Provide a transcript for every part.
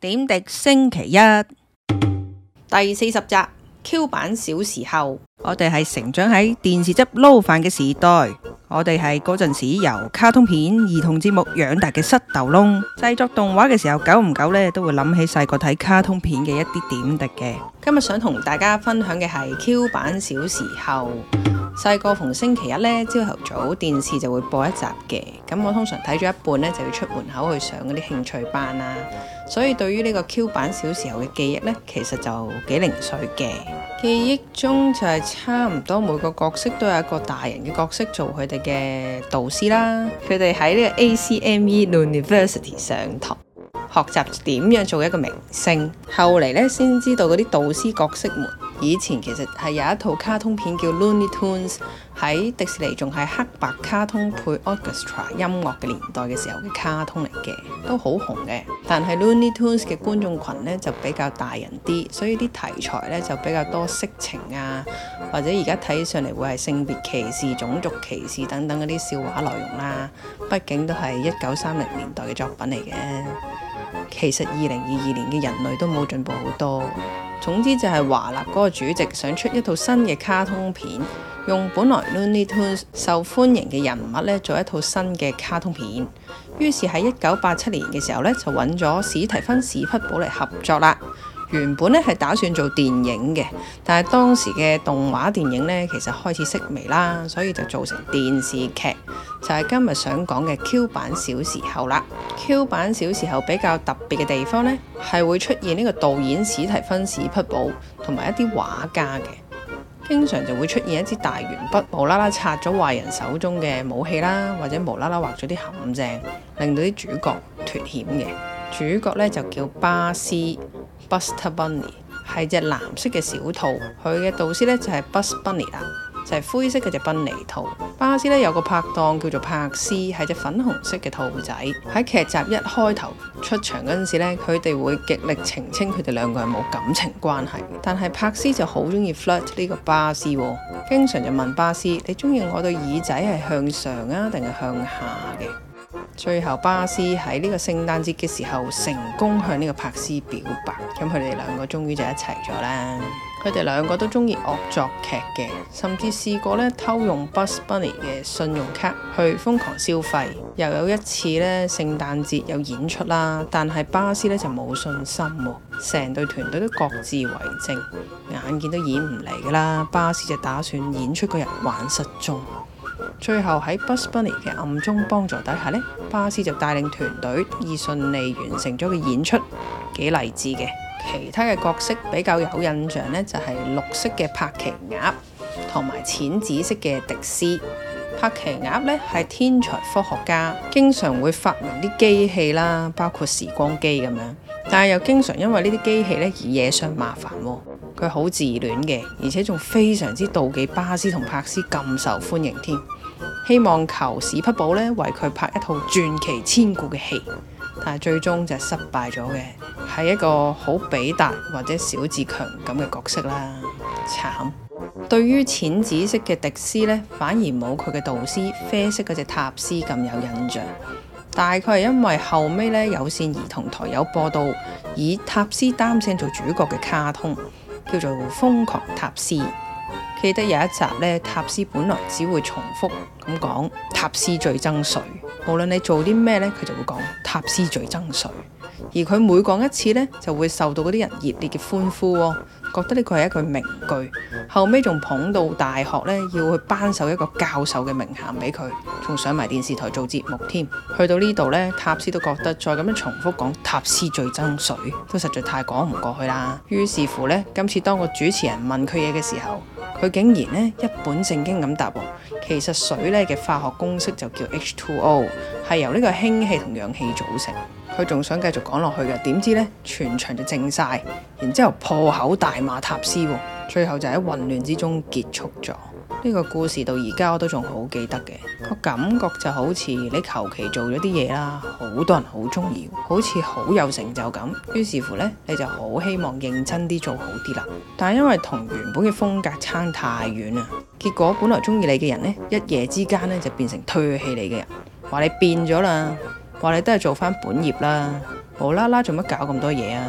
點滴星期一第四十集 Q 版小時候。我哋係成長喺電視汁撈飯嘅時代，我哋係嗰陣時由卡通片、兒童節目養大嘅膝頭窿。製作動畫嘅時候，久唔久呢，都會諗起細個睇卡通片嘅一啲點滴嘅。今日想同大家分享嘅係 Q 版小時候。細個逢星期一咧，朝頭早電視就會播一集嘅，咁我通常睇咗一半咧，就要出門口去上嗰啲興趣班啦。所以對於呢個 Q 版小時候嘅記憶咧，其實就幾零碎嘅。記憶中就係差唔多每個角色都有一個大人嘅角色做佢哋嘅導師啦，佢哋喺呢個 ACME University 上堂學習點樣做一個明星。後嚟咧先知道嗰啲導師角色們。以前其實係有一套卡通片叫 Looney Tunes，喺迪士尼仲係黑白卡通配 orchestra 音樂嘅年代嘅時候嘅卡通嚟嘅，都好紅嘅。但係 Looney Tunes 嘅觀眾群呢，就比較大人啲，所以啲題材呢，就比較多色情啊，或者而家睇上嚟會係性別歧視、種族歧視等等嗰啲笑話內容啦。畢竟都係一九三零年代嘅作品嚟嘅，其實二零二二年嘅人類都冇進步好多。總之就係華納嗰個主席想出一套新嘅卡通片，用本來《Looney Tunes》受歡迎嘅人物咧做一套新嘅卡通片，於是喺一九八七年嘅時候咧就揾咗史提芬史匹堡嚟合作啦。原本咧係打算做電影嘅，但係當時嘅動畫電影呢，其實開始式微啦，所以就做成電視劇。就係、是、今日想講嘅 Q 版《小時候》啦。Q 版《小時候》比較特別嘅地方呢，係會出現呢個導演史提芬史匹堡同埋一啲畫家嘅，經常就會出現一支大鉛筆無啦啦拆咗壞人手中嘅武器啦，或者無啦啦畫咗啲陷阱，令到啲主角脫險嘅。主角咧就叫巴斯 （Buster Bunny），係隻藍色嘅小兔。佢嘅導師咧就係 Bus Bunny 啊，就係、是、灰色嘅隻賓尼兔。巴斯咧有個拍檔叫做柏斯，係隻粉紅色嘅兔仔。喺劇集一開頭出場嗰陣時咧，佢哋會極力澄清佢哋兩個係冇感情關係。但係柏斯就好中意 flirt 呢個巴斯、哦，經常就問巴斯：你中意我對耳仔係向上啊，定係向下嘅？最後，巴斯喺呢個聖誕節嘅時候成功向呢個柏斯表白，咁佢哋兩個終於就一齊咗啦。佢哋兩個都中意惡作劇嘅，甚至試過咧偷用 Bus Bunny 嘅信用卡去瘋狂消費。又有一次呢，聖誕節有演出啦，但係巴斯呢就冇信心，成隊團隊都各自為政，眼見都演唔嚟噶啦。巴斯就打算演出嗰日玩失蹤。最後喺 Bus Bunny 嘅暗中幫助底下呢。巴斯就帶領團隊以順利完成咗個演出，幾勵志嘅。其他嘅角色比較有印象呢，就係綠色嘅帕奇鴨同埋淺紫色嘅迪斯。帕奇鴨呢係天才科學家，經常會發明啲機器啦，包括時光機咁樣。但係又經常因為呢啲機器呢而惹上麻煩喎。佢好自戀嘅，而且仲非常之妒忌巴斯同帕斯咁受歡迎添。希望求史匹寶咧為佢拍一套傳奇千古嘅戲，但係最終就係失敗咗嘅，係一個好比達或者小志強咁嘅角色啦，慘。 對於淺紫色嘅迪斯呢，反而冇佢嘅導師啡色嗰隻塔斯咁有印象，大概係因為後尾呢，有線兒童台有播到以塔斯擔聲做主角嘅卡通，叫做《瘋狂塔斯》。記得有一集咧，塔斯本來只會重複咁講塔斯最憎水，無論你做啲咩咧，佢就會講塔斯最憎水。而佢每講一次咧，就會受到嗰啲人熱烈嘅歡呼喎，覺得呢個係一句名句。後尾仲捧到大學咧，要去頒授一個教授嘅名銜俾佢，仲上埋電視台做節目添。去到呢度咧，塔斯都覺得再咁樣重複講塔斯最憎水都實在太講唔過去啦。於是乎咧，今次當個主持人問佢嘢嘅時候，佢竟然一本正經咁答喎，其實水咧嘅化學公式就叫 H two O，係由呢個氫氣同氧氣組成。佢仲想繼續講落去嘅，點知呢？全場就靜晒，然之後破口大罵塔斯喎，最後就喺混亂之中結束咗。呢個故事到而家我都仲好記得嘅，個感覺就好似你求其做咗啲嘢啦，好多人好中意，好似好有成就感。於是乎呢，你就好希望認真啲做好啲啦。但係因為同原本嘅風格差太遠啊，結果本來中意你嘅人呢，一夜之間呢，就變成推棄你嘅人，話你變咗啦。話你都係做翻本業啦，無啦啦做乜搞咁多嘢啊？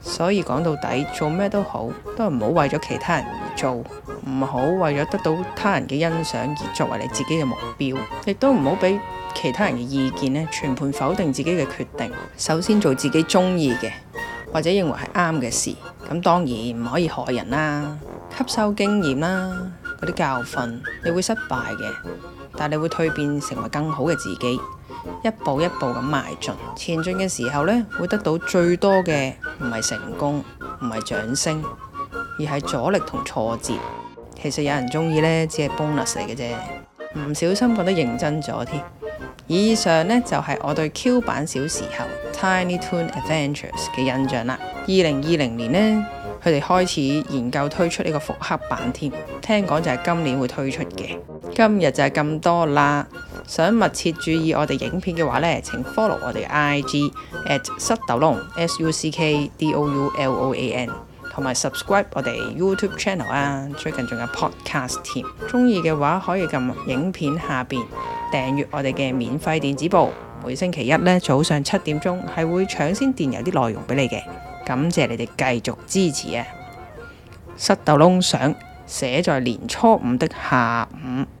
所以講到底，做咩都好，都唔好為咗其他人而做，唔好為咗得到他人嘅欣賞而作為你自己嘅目標，亦都唔好俾其他人嘅意見呢，全盤否定自己嘅決定。首先做自己中意嘅，或者認為係啱嘅事，咁當然唔可以害人啦，吸收經驗啦。嗰啲教訓，你會失敗嘅，但你會蛻變成為更好嘅自己，一步一步咁邁進。前進嘅時候呢，會得到最多嘅唔係成功，唔係掌聲，而係阻力同挫折。其實有人中意呢，只係 bonus 嚟嘅啫。唔小心講得認真咗添。以上呢，就係、是、我對 Q 版小時候 Tiny Toon Adventures 嘅印象啦。二零二零年呢。佢哋開始研究推出呢個復刻版添，聽講就係今年會推出嘅。今日就係咁多啦。想密切注意我哋影片嘅話呢，請 follow 我哋嘅 IG at 塞豆窿 s u c k d o u l o a n，同埋 subscribe 我哋 YouTube channel 啊。最近仲有 podcast 添，中意嘅話可以撳影片下邊訂閱我哋嘅免費電子報。每星期一咧早上七點鐘係會搶先電郵啲內容俾你嘅。感謝你哋繼續支持啊！塞豆窿想寫在年初五的下午。